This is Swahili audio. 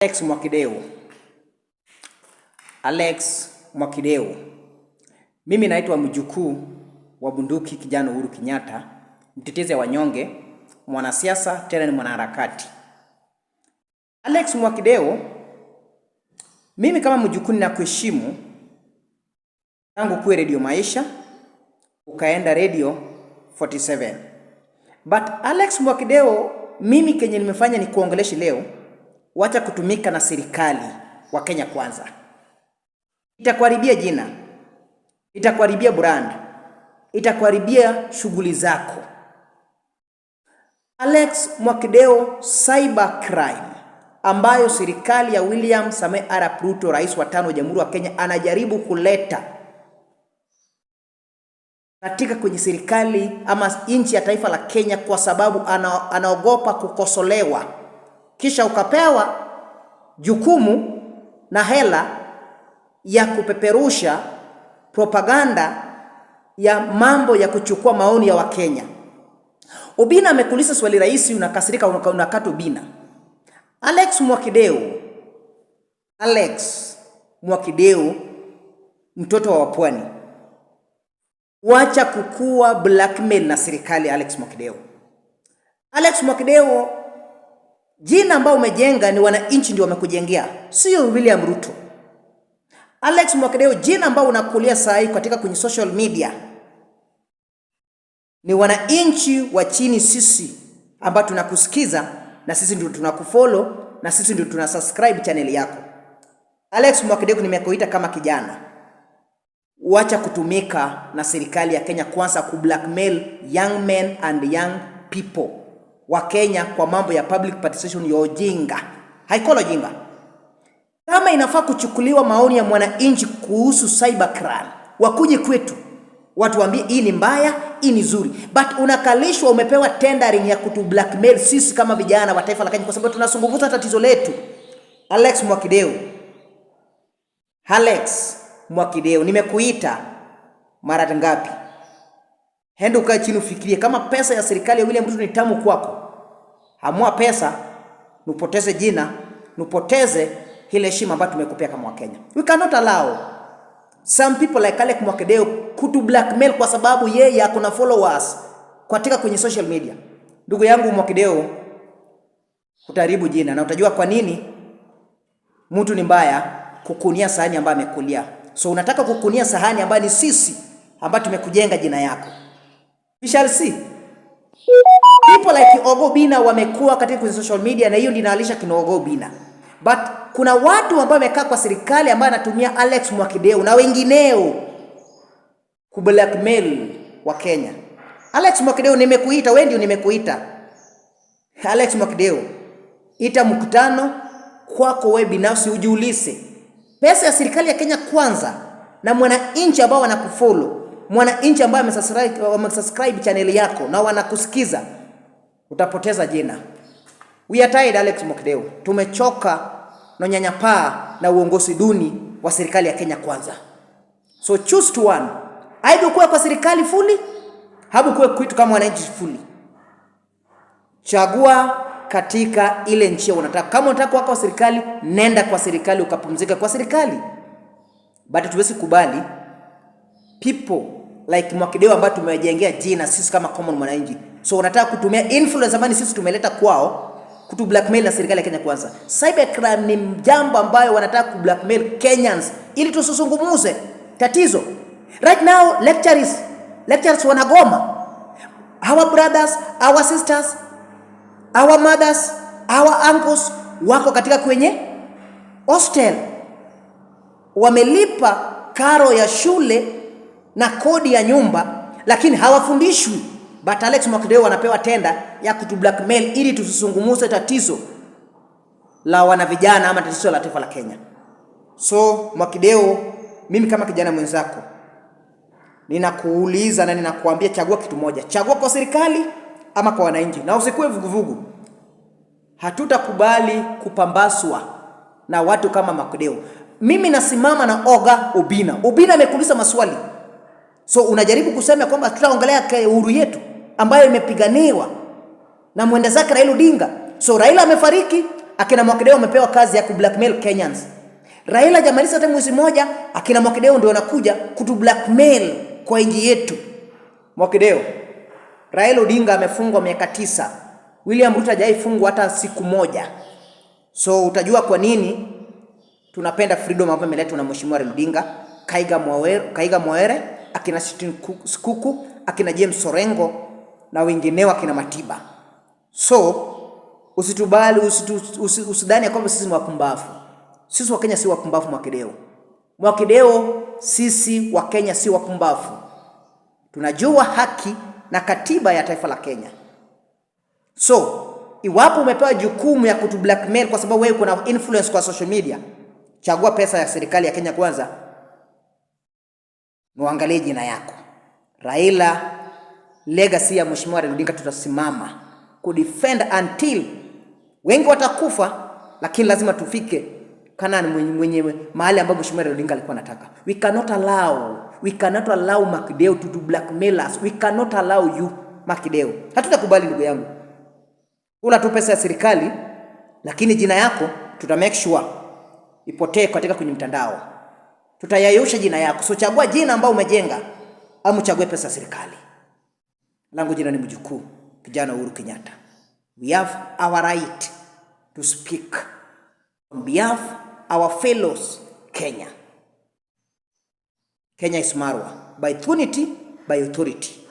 Alex Mwakideu. Alex Mwakideu. Mimi naitwa mjukuu wa bunduki kijana Uhuru Kenyatta, mtetezi wa wanyonge, mwanasiasa tena ni mwanaharakati. Alex Mwakideu, mimi kama mjukuu ninakuheshimu tangu kuwe Radio Maisha ukaenda Radio 47. But Alex Mwakideu, mimi kenye nimefanya ni kuongeleshi leo wacha kutumika na serikali. Wa Kenya Kwanza itakuharibia jina, itakuharibia brand, itakuharibia shughuli zako. Alex Mwakideo, cyber crime ambayo serikali ya William Samoei Arap Ruto, rais wa tano wa Jamhuri wa Kenya, anajaribu kuleta katika kwenye serikali ama nchi ya taifa la Kenya, kwa sababu ana, anaogopa kukosolewa kisha ukapewa jukumu na hela ya kupeperusha propaganda ya mambo ya kuchukua maoni ya Wakenya. ubina amekuuliza swali rahisi, unakasirika, unakata ubina. Alex Mwakideu, Alex Mwakideu, mtoto wa Wapwani, wacha kukua blackmail na serikali. Alex Mwakideu, Alex Mwakideu Jina ambayo umejenga ni wananchi ndio wamekujengea, sio William Ruto. Alex Mwakadeo, jina ambayo unakulia saa hii katika kwenye social media ni wananchi wa chini, sisi ambao tunakusikiza na sisi ndio tunakufollow na sisi ndio tunasubscribe channel yako. Alex Mwakadeo, nimekuita kama kijana, wacha kutumika na serikali ya Kenya Kwanza ku blackmail young men and young people wa Kenya kwa mambo ya public participation ya ujinga, Haikolo jinga. Kama inafaa kuchukuliwa maoni ya mwananchi kuhusu cybercrime, wakuje kwetu watuambie hii ni mbaya, hii ni nzuri, but unakalishwa umepewa tendering ya kutu blackmail sisi kama vijana wa taifa la Kenya, kwa sababu tunazungumza tatizo letu. Alex Mwakideu, Alex Mwakideu, nimekuita mara ngapi? Hendo kae chini ufikirie, kama pesa ya serikali ya William Ruto ni tamu kwako, amua pesa nupoteze jina, nupoteze ile heshima ambayo tumekupea kama Wakenya. We cannot allow some people like Alec Mwakedeo kutu blackmail kwa sababu yeye ako na followers katika kwenye social media. Ndugu yangu Mwakedeo, utaharibu jina na utajua kwa nini mtu ni mbaya kukunia sahani ambayo amekulia. So unataka kukunia sahani ambayo ni sisi ambayo tumekujenga jina yako. We shall see. People like Kiogo Bina wamekuwa katika social media na hiyo ndio inaalisha kina Bina. But kuna watu ambao wamekaa kwa serikali ambao anatumia Alex Mwakideu na wengineo ku blackmail wa Kenya. Alex Mwakideu nimekuita, wewe ndio nimekuita. Alex Mwakideu, ita mkutano kwako wewe binafsi ujiulize. Pesa ya serikali ya Kenya kwanza na mwananchi ambao wanakufollow mwananchi ambaye wamesubscribe channel yako na wanakusikiza, utapoteza jina. We are tired, Alex Mokdeo, tumechoka na nyanyapaa na uongozi duni wa serikali ya Kenya Kwanza. So choose to one, aidha kuwa kwa serikali fully, habu kuwa kwetu kama wananchi fully. Chagua katika ile njia unataka. Kama unataka kuwa kwa serikali, nenda kwa serikali ukapumzika kwa serikali, but tuwezi kubali people like Mwakidewa ambayo tumejengea jina sisi kama common mwananchi. So unataka kutumia influence ambayo sisi tumeleta kwao kutu blackmail na serikali ya Kenya Kwanza. Cybercrime ni jambo ambayo wanataka ku blackmail Kenyans ili tusizungumuze tatizo. Right now lecturers lecturers wanagoma. Our brothers, our sisters, our mothers, our uncles wako katika kwenye hostel. Wamelipa karo ya shule na kodi ya nyumba, lakini hawafundishwi. But Alex Mwakideyo wanapewa tenda ya kutu blackmail ili tusizungumze tatizo la wanavijana ama tatizo la taifa la Kenya. So Mwakideyo, mimi kama kijana mwenzako ninakuuliza na ninakuambia, chagua kitu moja, chagua kwa serikali ama kwa wananchi, na usikue vuguvugu. Hatutakubali kupambaswa na watu kama Mwakideyo. Mimi nasimama na Oga Obina. Obina amekuuliza maswali So unajaribu kusema kwamba tutaongelea uhuru yetu ambayo imepiganiwa na mwenda zake Raila Odinga. So Raila amefariki, akina Mwakideo wamepewa kazi ya ku blackmail Kenyans. Raila jamaliza hata mwezi mmoja, akina Mwakideo ndio wanakuja kutu blackmail kwa nchi yetu. Mwakideo, Raila Odinga amefungwa miaka tisa. William Ruto hajaifungwa hata siku moja. So utajua kwa nini tunapenda freedom ambayo imeletwa na Mheshimiwa Raila Odinga, Kaiga Mwawere, Kaiga Mwawere akina Skuku, akina James Sorengo na wengineo akina Matiba. So usitubali, usitu, usidhani ya kwamba sisi ni wapumbavu. Sisi wa Kenya si wapumbavu mwakideo, mwakideo sisi wa Kenya si wapumbavu, tunajua haki na katiba ya taifa la Kenya. So iwapo umepewa jukumu ya kutu blackmail kwa sababu wewe kuna influence kwa social media, chagua pesa ya serikali ya Kenya kwanza. Muangalie jina yako. Raila, legacy ya Mheshimiwa Raila Odinga tutasimama kudefend until wengi watakufa, lakini lazima tufike Kanani mwenye, mwenye mahali ambapo Mheshimiwa Raila Odinga alikuwa anataka. We cannot allow, we cannot allow Makideo to do blackmail us. We cannot allow you Makideo. Hatutakubali ndugu yangu. Una tu pesa ya serikali, lakini jina yako tuta make sure ipotee katika kwenye mtandao tutayayusha jina yako. So chagua jina ambao umejenga, ama chague pesa serikali. Langu jina ni mjukuu kijana Uhuru Kenyatta. We have our right to speak on behalf our fellows Kenya. Kenya is Marwa by unity, by authority.